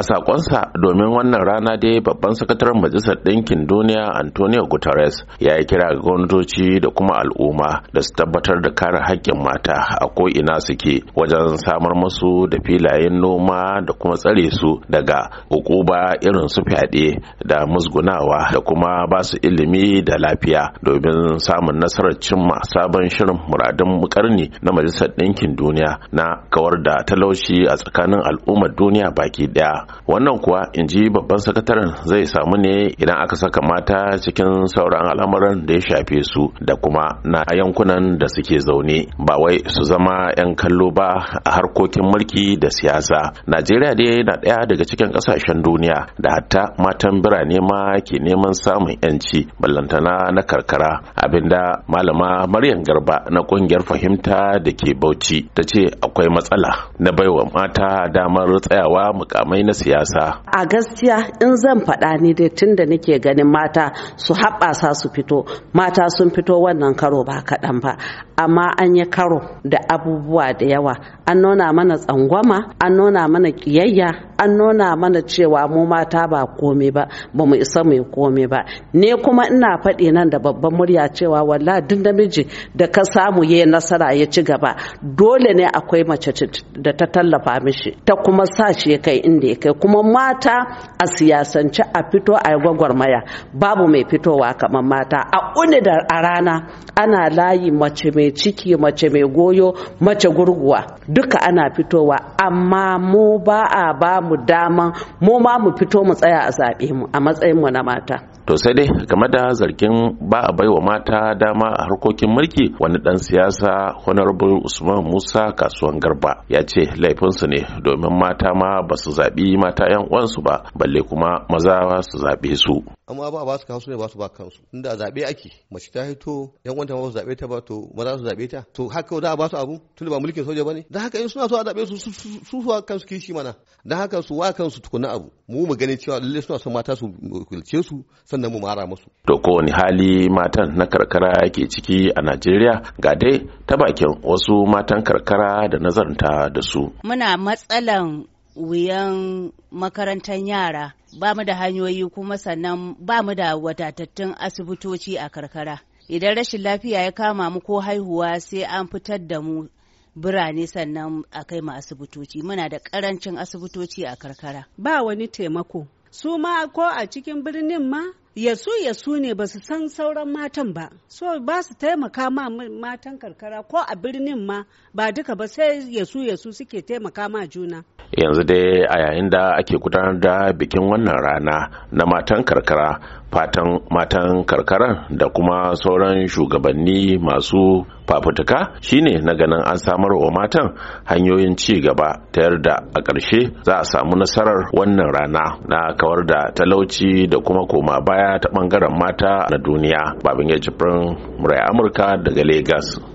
a sakonsa domin wannan rana dai babban sakataren majalisar ɗinkin duniya antonio guterres ya yi kira ga gwamnatoci da kuma al'umma da su tabbatar da kare haƙƙin mata a ko'ina suke wajen samar musu da filayen noma da kuma tsare su daga hukuba irin su fyaɗe da musgunawa da kuma ba su ilimi da lafiya domin samun nasarar cimma sabon shirin muradun karni na majalisar ɗinkin duniya na kawar da talauci a tsakanin al'ummar duniya baki ɗaya wannan kuwa in ji babban sakataren zai samu ne idan aka saka mata cikin sauran al'amuran da ya shafe su da kuma na yankunan da suke zaune ba wai su zama 'yan kallo ba a harkokin mulki da siyasa najeriya dai na ɗaya daga cikin ƙasashen duniya da hatta matan birane ma ke neman samun 'yanci ballantana na karkara abinda malama maryam garba na ƙungiyar fahimta da ke bauchi ta ce akwai matsala na baiwa mata damar tsayawa mukamai na siyasa a gaskiya in zan faɗa ni dai da nake ganin mata su haɓasa su fito mata sun fito wannan karo ba kaɗan ba amma an yi karo da abubuwa da yawa an nuna mana tsangwama an nuna mana ƙiyayya an nuna mana cewa mu mata ba komai ba ba mu isa mu komai ba ne kuma ina faɗi nan da babban murya cewa walla duk namiji da ka samu ya nasara ya ci gaba dole ne akwai mace da ta tallafa mishi ta kuma sa shi ya kai inda ya kai kuma mata a siyasance a fito a gwagwarmaya babu mai fitowa kamar mata a uni da a rana ana layi mace mai ciki mace mai goyo mace gurguwa duka ana fitowa amma mu ba a ba mu dama mu ma mu fito mu tsaya a zaɓe mu a matsayin mu na mata to sai dai game da zargin ba a baiwa mata dama a harkokin mulki wani dan siyasa honorable usman musa kasuwan garba ya ce laifinsu ne domin mata ma ba su zaɓi mata yan uwansu ba balle kuma maza su zaɓe su amma ba ba su kansu ne ba su ba kansu inda zaɓe ake mace ta hito yan uwanta ba su zaɓe ta ba to maza su zaɓe ta to haka za a ba su abu tun ba mulkin soja ba ne dan haka in suna so a zaɓe su su su kansu kishi mana dan haka su wa kansu tukuna abu mu mu ganin cewa lalle suna son mata su kulce su da mu mara musu to kowane hali matan na karkara ke ciki a Najeriya ga dai ta bakin wasu matan karkara da nazarta da su muna matsalan wuyan makarantar yara ba mu da hanyoyi kuma sannan ba mu da wadatattun asibitoci a karkara idan rashin lafiya ya kama mu ko haihuwa sai an fitar da mu birane sannan a kai mu asibitoci muna da karancin asibitoci a karkara ba wani taimako su ma ko a cikin birnin ma yasu yasu ne ba su san sauran matan ba so ba su taimaka ma matan karkara ko a birnin ma ba duka ba sai yasu yasu suke taimaka ma juna yanzu dai a yayin da ake gudanar da bikin wannan rana na matan karkara fatan matan karkaran da kuma sauran shugabanni masu fafutuka shine na ganin an samar wa matan hanyoyin ci gaba ta yarda a ƙarshe za a samu nasarar wannan rana na kawar da talauci da kuma koma baya baya ta bangaren mata na duniya babin ya jibrin murai amurka daga Legas.